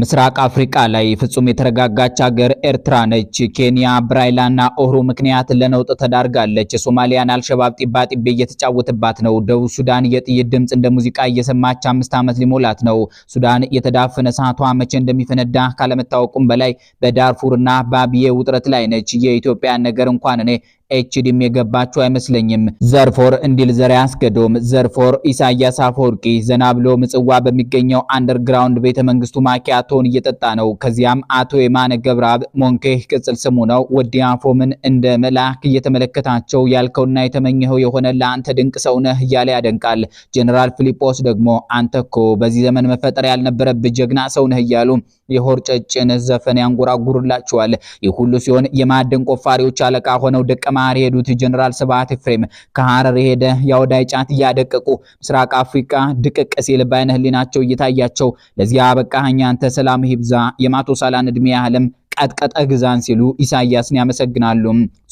ምስራቅ አፍሪካ ላይ ፍጹም የተረጋጋች ሀገር ኤርትራ ነች። ኬንያ ብራይላና ኦሮ ምክንያት ለነውጥ ተዳርጋለች። የሶማሊያን አልሸባብ ጢባጢቤ እየተጫወተባት ነው። ደቡብ ሱዳን የጥይት ድምፅ እንደ ሙዚቃ እየሰማች አምስት ዓመት ሊሞላት ነው። ሱዳን የተዳፈነ እሳቷ መቼ እንደሚፈነዳ ካለመታወቁም በላይ በዳርፉርና በአብዬ ውጥረት ላይ ነች። የኢትዮጵያን ነገር እንኳን እኔ ኤችዲም የገባቸው አይመስለኝም። ዘርፎር እንዲል ዘር ያስገዶም ዘርፎር ኢሳያስ አፈወርቂ ዘና ብሎ ምጽዋ በሚገኘው አንደርግራውንድ ቤተ መንግስቱ ማኪያቶን እየጠጣ ነው። ከዚያም አቶ የማነ ገብረአብ ሞንኬህ ቅጽል ስሙ ነው። ወዲ አፎምን እንደ መልአክ እየተመለከታቸው ያልከውና የተመኘኸው የሆነ ለአንተ ድንቅ ሰው ነህ እያለ ያደንቃል። ጀኔራል ፊሊጶስ ደግሞ አንተ እኮ በዚህ ዘመን መፈጠር ያልነበረብህ ጀግና ሰው ነህ እያሉ የሆርጨጭን ዘፈን ያንጎራጉርላቸዋል። ይህ ሁሉ ሲሆን የማዕድን ቆፋሪዎች አለቃ ሆነው ደቀ መሐር የሄዱት ጀነራል ስብሐት ኤፍሬም ከሐረር የሄደ የአውዳይ ጫት እያደቀቁ ምስራቅ አፍሪካ ድቅቅ ሲል በዓይነ እየታያቸው ለዚያ በቃ አንተ ሰላም ሂብዛ ሳላን እድሜ ያህልም ቀጥቀጠ ግዛን ሲሉ ኢሳያስን ያመሰግናሉ።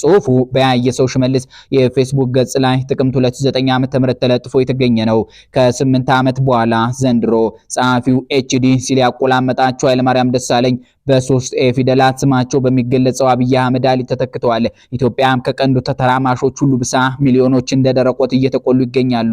ጽሁፉ በያየ ሰው ሽመልስ የፌስቡክ ገጽ ላይ ጥቅምት 29 ዓ.ም ተለጥፎ የተገኘ ነው። ከስምንት ዓመት በኋላ ዘንድሮ ጸሐፊው ኤችዲ ሲል ያቆላመጣቸው ኃይለማርያም ደሳለኝ በሶስት ኤ ፊደላት ስማቸው በሚገለጸው አብይ አህመድ አሊ ተተክተዋል። ኢትዮጵያም ከቀንዱ ተተራማሾች ሁሉ ብሳ ሚሊዮኖች እንደ ደረቆት እየተቆሉ ይገኛሉ።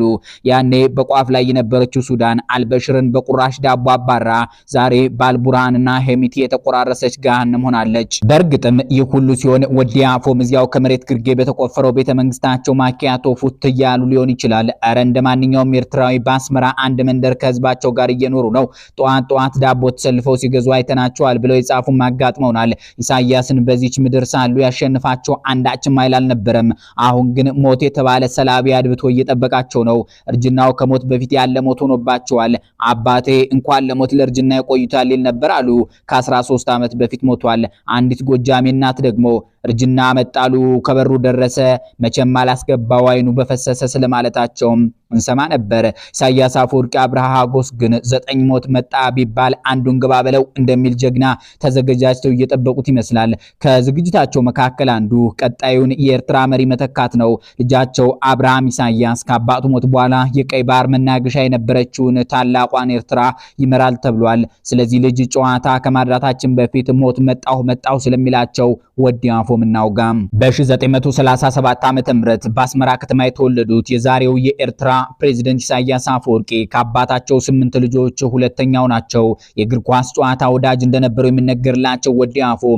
ያኔ በቋፍ ላይ የነበረችው ሱዳን አልበሽርን በቁራሽ ዳቦ አባራ፣ ዛሬ ባልቡርሃንና ሄሚቲ የተቆራረሰች ገሃነም ባለቤትም ሆናለች። በእርግጥም ይህ ሁሉ ሲሆን ወዲያ አፎም እዚያው ከመሬት ግርጌ በተቆፈረው ቤተ መንግስታቸው ማኪያቶ ፉት እያሉ ሊሆን ይችላል። አረ እንደ ማንኛውም ኤርትራዊ በአስመራ አንድ መንደር ከህዝባቸው ጋር እየኖሩ ነው። ጠዋት ጠዋት ዳቦ ተሰልፈው ሲገዙ አይተናቸዋል ብለው የጻፉም አጋጥመውናል። ኢሳያስን በዚች ምድር ሳሉ ያሸንፋቸው አንዳችም ኃይል አልነበረም። አሁን ግን ሞት የተባለ ሰላቢ አድብቶ እየጠበቃቸው ነው። እርጅናው ከሞት በፊት ያለ ሞት ሆኖባቸዋል። አባቴ እንኳን ለሞት ለእርጅና ይቆይታል ይል ነበር አሉ። ከ ከ13 ዓመት በፊት ሞቷል። ደርሷል። አንዲት ጎጃሜ እናት ደግሞ እርጅና መጣሉ ከበሩ ደረሰ መቼም አላስገባው አይኑ በፈሰሰ ስለማለታቸውም እንሰማ ነበር። ኢሳያስ አፈወርቂ አብርሃ ሀጎስ ግን ዘጠኝ ሞት መጣ ቢባል አንዱን ግባ በለው እንደሚል ጀግና ተዘገጃጅተው እየጠበቁት ይመስላል። ከዝግጅታቸው መካከል አንዱ ቀጣዩን የኤርትራ መሪ መተካት ነው። ልጃቸው አብርሃም ኢሳያስ ከአባቱ ሞት በኋላ የቀይ ባህር መናገሻ የነበረችውን ታላቋን ኤርትራ ይመራል ተብሏል። ስለዚህ ልጅ ጨዋታ ከማድራታችን በፊት ሞት መጣ መጣሁ መጣሁ ስለሚላቸው ወዲ አፎ ምናውጋም በ1937 ዓመተ ምህረት በአስመራ ከተማ የተወለዱት የዛሬው የኤርትራ ፕሬዝደንት ኢሳያስ አፈወርቂ ከአባታቸው ስምንት ልጆች ሁለተኛው ናቸው። የእግር ኳስ ጨዋታ ወዳጅ እንደነበሩ የሚነገርላቸው ወዲ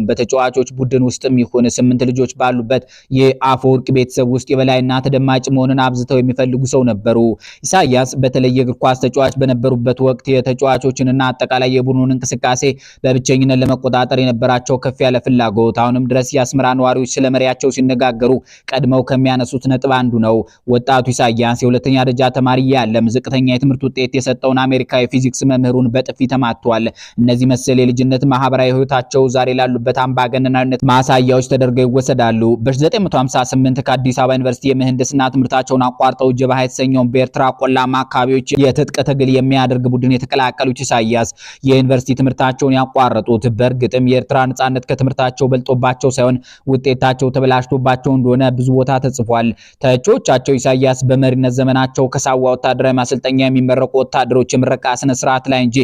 በተጫዋቾች ቡድን ውስጥም ይሁን ስምንት ልጆች ባሉበት የአፈወርቂ ቤተሰብ ውስጥ የበላይና ተደማጭ መሆንን አብዝተው የሚፈልጉ ሰው ነበሩ። ኢሳያስ በተለይ የእግር ኳስ ተጫዋች በነበሩበት ወቅት የተጫዋቾችንና አጠቃላይ የቡድኑን እንቅስቃሴ በብቸኝነት ለመቆጣጠር የነበረ በነበራቸው ከፍ ያለ ፍላጎት አሁንም ድረስ የአስመራ ነዋሪዎች ስለ መሪያቸው ሲነጋገሩ ቀድመው ከሚያነሱት ነጥብ አንዱ ነው። ወጣቱ ኢሳያስ የሁለተኛ ደረጃ ተማሪ ያለም ዝቅተኛ የትምህርት ውጤት የሰጠውን አሜሪካዊ የፊዚክስ መምህሩን በጥፊ ተማቷል። እነዚህ መሰል የልጅነት ማህበራዊ ህይወታቸው ዛሬ ላሉበት አምባገነናዊነት ማሳያዎች ተደርገው ይወሰዳሉ። በ958 ከአዲስ አበባ ዩኒቨርሲቲ የምህንድስና ትምህርታቸውን አቋርጠው ጀብሃ የተሰኘውን በኤርትራ ቆላማ አካባቢዎች የትጥቅ ትግል የሚያደርግ ቡድን የተቀላቀሉት ኢሳያስ የዩኒቨርሲቲ ትምህርታቸውን ያቋረጡት በእርግጥም የኤርትራ ነጻነት ከትምህርታቸው በልጦባቸው ሳይሆን ውጤታቸው ተበላሽቶባቸው እንደሆነ ብዙ ቦታ ተጽፏል። ተቺዎቻቸው ኢሳያስ በመሪነት ዘመናቸው ከሳዋ ወታደራዊ ማሰልጠኛ የሚመረቁ ወታደሮች የምረቃ ስነ ስርዓት ላይ እንጂ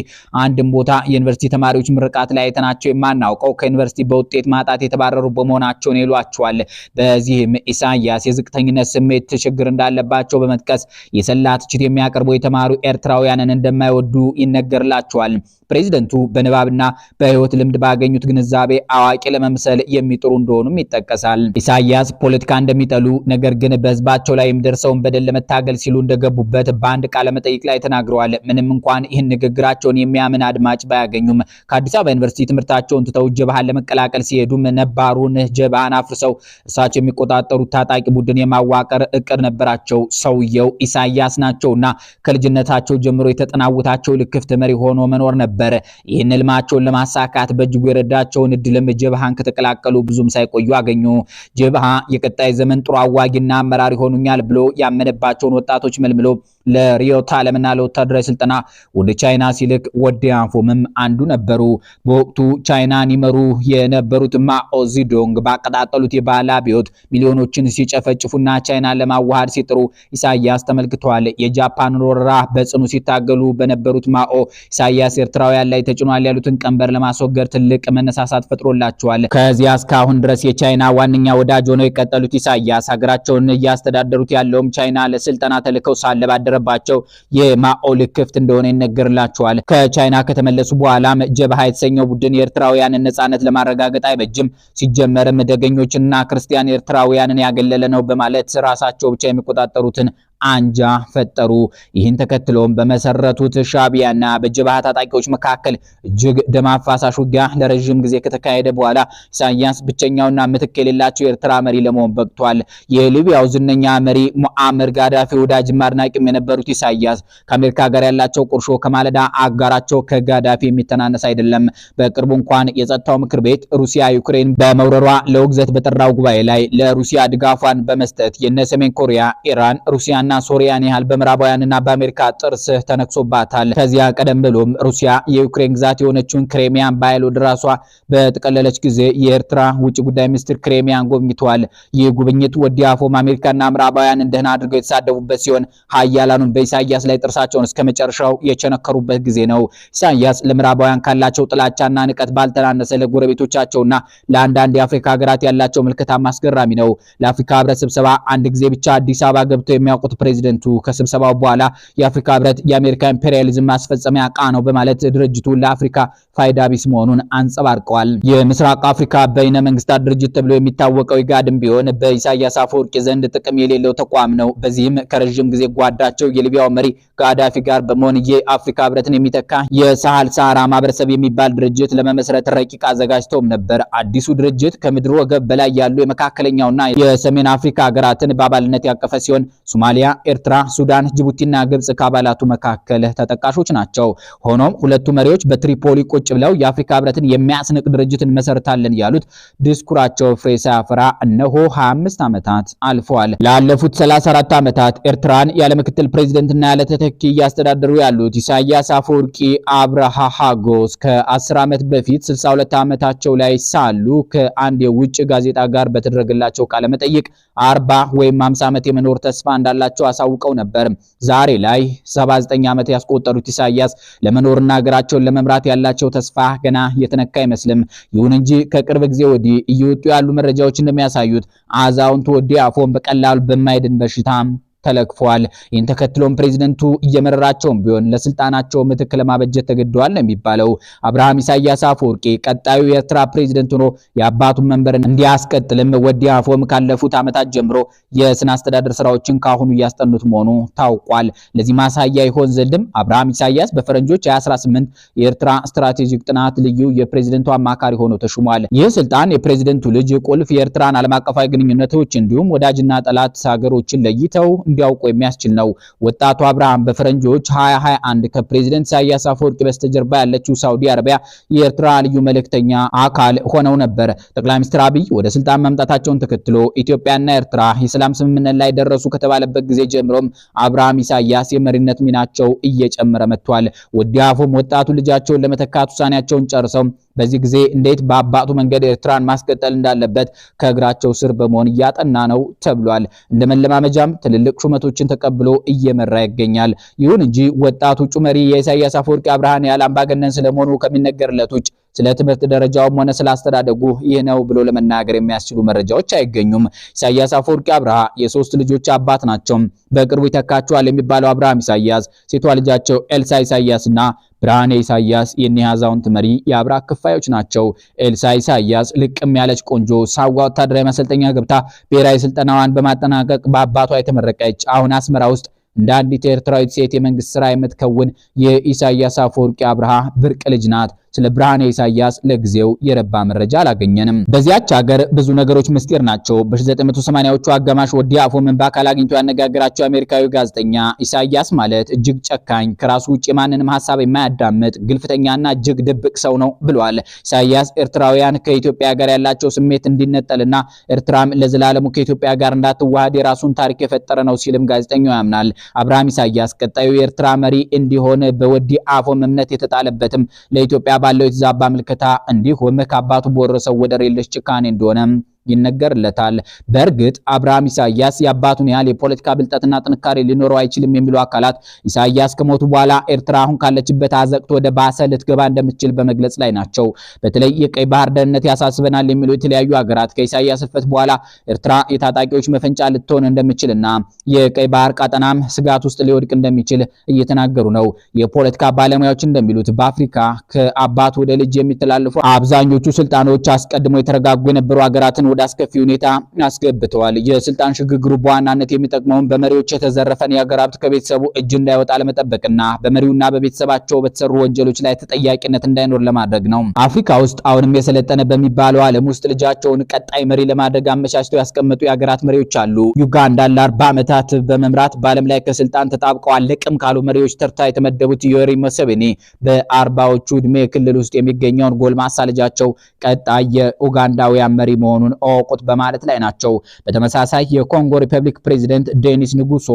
አንድም ቦታ የዩኒቨርሲቲ ተማሪዎች ምርቃት ላይ አይተናቸው የማናውቀው ከዩኒቨርሲቲ በውጤት ማጣት የተባረሩ በመሆናቸው ነው ይሏቸዋል። በዚህም ኢሳያስ የዝቅተኝነት ስሜት ችግር እንዳለባቸው በመጥቀስ የሰላ ትችት የሚያቀርቡ የተማሩ ኤርትራውያንን እንደማይወዱ ይነገርላቸዋል። ፕሬዚደንቱ በንባብና በህይወት ልምድ ባገኙት ግንዛቤ ግንዛቤ አዋቂ ለመምሰል የሚጥሩ እንደሆኑም ይጠቀሳል። ኢሳያስ ፖለቲካ እንደሚጠሉ ነገር ግን በህዝባቸው ላይ የሚደርሰውን በደል ለመታገል ሲሉ እንደገቡበት በአንድ ቃለ መጠይቅ ላይ ተናግረዋል። ምንም እንኳን ይህን ንግግራቸውን የሚያምን አድማጭ ባያገኙም ከአዲስ አበባ ዩኒቨርሲቲ ትምህርታቸውን ትተው ጀብሃን ለመቀላቀል ሲሄዱም ነባሩን ጀብሃን አፍርሰው እርሳቸው የሚቆጣጠሩት ታጣቂ ቡድን የማዋቀር እቅድ ነበራቸው። ሰውየው ኢሳያስ ናቸውና ከልጅነታቸው ጀምሮ የተጠናውታቸው ልክፍት መሪ ሆኖ መኖር ነበር። ይህን ልማቸውን ለማሳካት በእጅጉ የረዳቸው ያላቸውን እድልም ጀብሃን ከተቀላቀሉ ብዙም ሳይቆዩ አገኙ። ጀብሃ የቀጣይ ዘመን ጥሩ አዋጊና አመራር ይሆኑኛል ብሎ ያመነባቸውን ወጣቶች መልምሎ ለርዕዮተ ዓለምና ለወታደራዊ ስልጠና ወደ ቻይና ሲልክ ወዲያንፎምም አንዱ ነበሩ። በወቅቱ ቻይናን ይመሩ የነበሩት ማኦ ዚዶንግ ባቀጣጠሉት የባህል አብዮት ሚሊዮኖችን ሲጨፈጭፉና ቻይናን ለማዋሃድ ሲጥሩ ኢሳያስ ተመልክተዋል። የጃፓን ወረራ በጽኑ ሲታገሉ በነበሩት ማኦ ኢሳያስ ኤርትራውያን ላይ ተጭኗል ያሉትን ቀንበር ለማስወገድ ትልቅ መነሳሳት ፈጥሮላቸዋል። ከዚያ እስካሁን ድረስ የቻይና ዋነኛ ወዳጅ ሆነው የቀጠሉት ኢሳያስ ሀገራቸውን እያስተዳደሩት ያለውም ቻይና ለስልጠና ተልከው ሳለ ያደረባቸው የማኦ ልክፍት እንደሆነ ይነገርላቸዋል። ከቻይና ከተመለሱ በኋላም ጀብሃ የተሰኘው ቡድን የኤርትራውያንን ነጻነት ለማረጋገጥ አይበጅም፣ ሲጀመርም ደገኞችንና ክርስቲያን ኤርትራውያንን ያገለለ ነው በማለት ራሳቸው ብቻ የሚቆጣጠሩትን አንጃ ፈጠሩ። ይህን ተከትሎም በመሰረቱት ሻቢያና በጀባሃ ታጣቂዎች መካከል እጅግ ደም አፋሳሽ ውጊያ ለረዥም ጊዜ ከተካሄደ በኋላ ኢሳያስ ብቸኛውና ምትክ የሌላቸው የኤርትራ መሪ ለመሆን በቅቷል። የሊቢያው ዝነኛ መሪ ሙአምር ጋዳፊ ወዳጅም አድናቂም የነበሩት ኢሳያስ ከአሜሪካ ጋር ያላቸው ቁርሾ ከማለዳ አጋራቸው ከጋዳፊ የሚተናነስ አይደለም። በቅርቡ እንኳን የጸጥታው ምክር ቤት ሩሲያ ዩክሬን በመውረሯ ለውግዘት በጠራው ጉባኤ ላይ ለሩሲያ ድጋፏን በመስጠት የነ ሰሜን ኮሪያ፣ ኢራን፣ ሩሲያ ኢራቅንና ሶሪያን ያህል በምዕራባውያንና በአሜሪካ ጥርስ ተነክሶባታል። ከዚያ ቀደም ብሎም ሩሲያ የዩክሬን ግዛት የሆነችውን ክሬሚያን በኃይል ወደ ራሷ በጠቀለለች ጊዜ የኤርትራ ውጭ ጉዳይ ሚኒስትር ክሬሚያን ጎብኝተዋል። ይህ ጉብኝት ወዲ አሜሪካና ምዕራባውያን እንደህና አድርገው የተሳደቡበት ሲሆን ሀያላኑን በኢሳያስ ላይ ጥርሳቸውን እስከ መጨረሻው የቸነከሩበት ጊዜ ነው። ኢሳያስ ለምዕራባውያን ካላቸው ጥላቻና ንቀት ባልተናነሰ ለጎረቤቶቻቸውና ለአንዳንድ የአፍሪካ ሀገራት ያላቸው ምልከታ አስገራሚ ነው። ለአፍሪካ ህብረት ስብሰባ አንድ ጊዜ ብቻ አዲስ አበባ ገብተው የሚያውቁት ፕሬዚደንቱ ከስብሰባው በኋላ የአፍሪካ ህብረት የአሜሪካ ኢምፔሪያሊዝም ማስፈጸሚያ እቃ ነው በማለት ድርጅቱ ለአፍሪካ ፋይዳ ቢስ መሆኑን አንጸባርቀዋል። የምስራቅ አፍሪካ በይነ መንግስታት ድርጅት ተብሎ የሚታወቀው ኢጋድም ቢሆን በኢሳያስ አፈወርቂ ዘንድ ጥቅም የሌለው ተቋም ነው። በዚህም ከረዥም ጊዜ ጓዳቸው የሊቢያው መሪ ጋዳፊ ጋር በመሆን የአፍሪካ ህብረትን የሚተካ የሳህል ሳራ ማህበረሰብ የሚባል ድርጅት ለመመስረት ረቂቅ አዘጋጅተውም ነበር። አዲሱ ድርጅት ከምድር ወገብ በላይ ያሉ የመካከለኛውና የሰሜን አፍሪካ ሀገራትን በአባልነት ያቀፈ ሲሆን ሶማሊያ ሶማሊያ፣ ኤርትራ፣ ሱዳን፣ ጅቡቲና ግብጽ ከአባላቱ መካከል ተጠቃሾች ናቸው። ሆኖም ሁለቱ መሪዎች በትሪፖሊ ቁጭ ብለው የአፍሪካ ህብረትን የሚያስንቅ ድርጅት እንመሰርታለን ያሉት ድስኩራቸው ፍሬ ሳያፈራ እነሆ 25 ዓመታት አልፈዋል። ላለፉት 34 ዓመታት ኤርትራን ያለ ምክትል ፕሬዚደንትና ያለ ተተኪ እያስተዳደሩ ያሉት ኢሳያስ አፈወርቂ አብርሃ ሃጎስ ከ10 ዓመት በፊት 62 ዓመታቸው ላይ ሳሉ ከአንድ የውጭ ጋዜጣ ጋር በተደረገላቸው ቃለመጠይቅ 40 ወይም 50 ዓመት የመኖር ተስፋ እንዳላቸው መሆናቸው አሳውቀው ነበር። ዛሬ ላይ 79 ዓመት ያስቆጠሩት ኢሳያስ ለመኖርና ሀገራቸውን ለመምራት ያላቸው ተስፋ ገና የተነካ አይመስልም። ይሁን እንጂ ከቅርብ ጊዜ ወዲህ እየወጡ ያሉ መረጃዎች እንደሚያሳዩት አዛውንቱ ዲያፎን በቀላሉ በማይድን በሽታ ተለክፏል። ይህን ተከትሎም ፕሬዚደንቱ እየመረራቸውም ቢሆን ለስልጣናቸው ምትክ ለማበጀት ተገደዋል ነው የሚባለው። አብርሃም ኢሳያስ አፈወርቂ ቀጣዩ የኤርትራ ፕሬዚደንት ሆኖ የአባቱን መንበር እንዲያስቀጥልም ወዲ አፎም ካለፉት ዓመታት ጀምሮ የስነ አስተዳደር ስራዎችን ካሁኑ እያስጠኑት መሆኑ ታውቋል። ለዚህ ማሳያ ይሆን ዘንድም አብርሃም ኢሳያስ በፈረንጆች 2018 የኤርትራ ስትራቴጂክ ጥናት ልዩ የፕሬዚደንቱ አማካሪ ሆኖ ተሹሟል። ይህ ስልጣን የፕሬዚደንቱ ልጅ ቁልፍ የኤርትራን ዓለም አቀፋዊ ግንኙነቶች እንዲሁም ወዳጅና ጠላት ሀገሮችን ለይተው እንዲያውቁ የሚያስችል ነው። ወጣቱ አብርሃም በፈረንጆች 2021 ከፕሬዝደንት ኢሳያስ አፈወርቂ በስተጀርባ ያለችው ሳውዲ አረቢያ የኤርትራ ልዩ መልእክተኛ አካል ሆነው ነበር። ጠቅላይ ሚኒስትር አብይ ወደ ስልጣን መምጣታቸውን ተከትሎ ኢትዮጵያና ኤርትራ የሰላም ስምምነት ላይ ደረሱ ከተባለበት ጊዜ ጀምሮም አብርሃም ኢሳያስ የመሪነት ሚናቸው እየጨመረ መጥቷል። ወዲያፎም ወጣቱ ልጃቸውን ለመተካት ውሳኔያቸውን ጨርሰው በዚህ ጊዜ እንዴት በአባቱ መንገድ ኤርትራን ማስቀጠል እንዳለበት ከእግራቸው ስር በመሆን እያጠና ነው ተብሏል። እንደ መለማመጃም ትልልቅ ሹመቶችን ተቀብሎ እየመራ ይገኛል። ይሁን እንጂ ወጣቱ እጩ መሪ የኢሳያስ አፈወርቂ አብርሃን ያህል አምባገነን ስለመሆኑ ከሚነገርለት ውጭ ስለ ትምህርት ደረጃውም ሆነ ስለ አስተዳደጉ ይህ ነው ብሎ ለመናገር የሚያስችሉ መረጃዎች አይገኙም። ኢሳያስ አፈወርቂ አብርሃ የሶስት ልጆች አባት ናቸው። በቅርቡ ይተካቸዋል የሚባለው አብርሃም ኢሳያስ፣ ሴቷ ልጃቸው ኤልሳ ኢሳያስና ብርሃኔ ኢሳያስ የኒህ አዛውንት መሪ የአብርሃ ክፋዮች ናቸው። ኤልሳ ኢሳያስ ልቅም ያለች ቆንጆ ሳዋ ወታደራዊ ማሰልጠኛ ገብታ ብሔራዊ ስልጠናዋን በማጠናቀቅ በአባቷ የተመረቀች አሁን አስመራ ውስጥ እንደ አንዲት ኤርትራዊት ሴት የመንግስት ስራ የምትከውን የኢሳያስ አፈወርቂ አብርሃ ብርቅ ልጅ ናት። ስለ ብርሃነ ኢሳያስ ለጊዜው የረባ መረጃ አላገኘንም። በዚያች ሀገር ብዙ ነገሮች ምስጢር ናቸው። በ1980ዎቹ አጋማሽ ወዲ አፎ በአካል አግኝቶ ያነጋገራቸው አሜሪካዊ ጋዜጠኛ ኢሳያስ ማለት እጅግ ጨካኝ፣ ከራሱ ውጭ የማንንም ሀሳብ የማያዳምጥ ግልፍተኛና እጅግ ድብቅ ሰው ነው ብሏል። ኢሳያስ ኤርትራውያን ከኢትዮጵያ ጋር ያላቸው ስሜት እንዲነጠልና ኤርትራም ለዘላለሙ ከኢትዮጵያ ጋር እንዳትዋሃድ የራሱን ታሪክ የፈጠረ ነው ሲልም ጋዜጠኛው ያምናል። አብርሃም ኢሳያስ ቀጣዩ የኤርትራ መሪ እንዲሆን በወዲ አፎም እምነት የተጣለበትም ለኢትዮጵያ ባለው የተዛባ ምልከታ እንዲሁም ከአባቱ በወረሰው ወደር የለሽ ጭካኔ እንደሆነ ይነገርለታል። በእርግጥ አብርሃም ኢሳያስ የአባቱን ያህል የፖለቲካ ብልጠትና ጥንካሬ ሊኖረው አይችልም የሚሉ አካላት ኢሳያስ ከሞቱ በኋላ ኤርትራ አሁን ካለችበት አዘቅት ወደ ባሰ ልትገባ እንደምትችል በመግለጽ ላይ ናቸው። በተለይ የቀይ ባህር ደህንነት ያሳስበናል የሚሉ የተለያዩ ሀገራት ከኢሳያስ ሕልፈት በኋላ ኤርትራ የታጣቂዎች መፈንጫ ልትሆን እንደምትችልና የቀይ ባህር ቀጠናም ስጋት ውስጥ ሊወድቅ እንደሚችል እየተናገሩ ነው። የፖለቲካ ባለሙያዎች እንደሚሉት በአፍሪካ ከአባት ወደ ልጅ የሚተላለፉ አብዛኞቹ ስልጣኖች አስቀድሞ የተረጋጉ የነበሩ ሀገራትን ወደ አስከፊ ሁኔታ አስገብተዋል። የስልጣን ሽግግሩ በዋናነት የሚጠቅመውን በመሪዎች የተዘረፈን የሀገር ሀብት ከቤተሰቡ እጅ እንዳይወጣ ለመጠበቅና በመሪውና በቤተሰባቸው በተሰሩ ወንጀሎች ላይ ተጠያቂነት እንዳይኖር ለማድረግ ነው። አፍሪካ ውስጥ አሁንም የሰለጠነ በሚባለው ዓለም ውስጥ ልጃቸውን ቀጣይ መሪ ለማድረግ አመቻችተው ያስቀመጡ የሀገራት መሪዎች አሉ። ዩጋንዳን ለአርባ ዓመታት በመምራት በዓለም ላይ ከስልጣን ተጣብቀው አለቅም ካሉ መሪዎች ተርታ የተመደቡት ዮዌሪ ሙሴቬኒ በአርባዎቹ ዕድሜ ክልል ውስጥ የሚገኘውን ጎልማሳ ልጃቸው ቀጣይ የኡጋንዳውያን መሪ መሆኑን እወቁት በማለት ላይ ናቸው። በተመሳሳይ የኮንጎ ሪፐብሊክ ፕሬዚደንት ዴኒስ ንጉሶ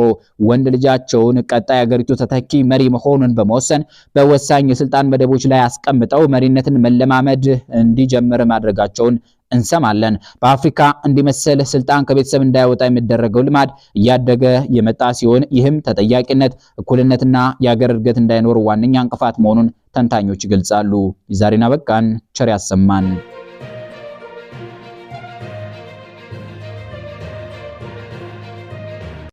ወንድ ልጃቸውን ቀጣይ አገሪቱ ተተኪ መሪ መሆኑን በመወሰን በወሳኝ የስልጣን መደቦች ላይ አስቀምጠው መሪነትን መለማመድ እንዲጀምር ማድረጋቸውን እንሰማለን። በአፍሪካ እንዲመስል ስልጣን ከቤተሰብ እንዳይወጣ የሚደረገው ልማድ እያደገ የመጣ ሲሆን ይህም ተጠያቂነት፣ እኩልነትና የአገር እድገት እንዳይኖር ዋነኛ እንቅፋት መሆኑን ተንታኞች ይገልጻሉ። የዛሬን አበቃን። ቸር ያሰማን።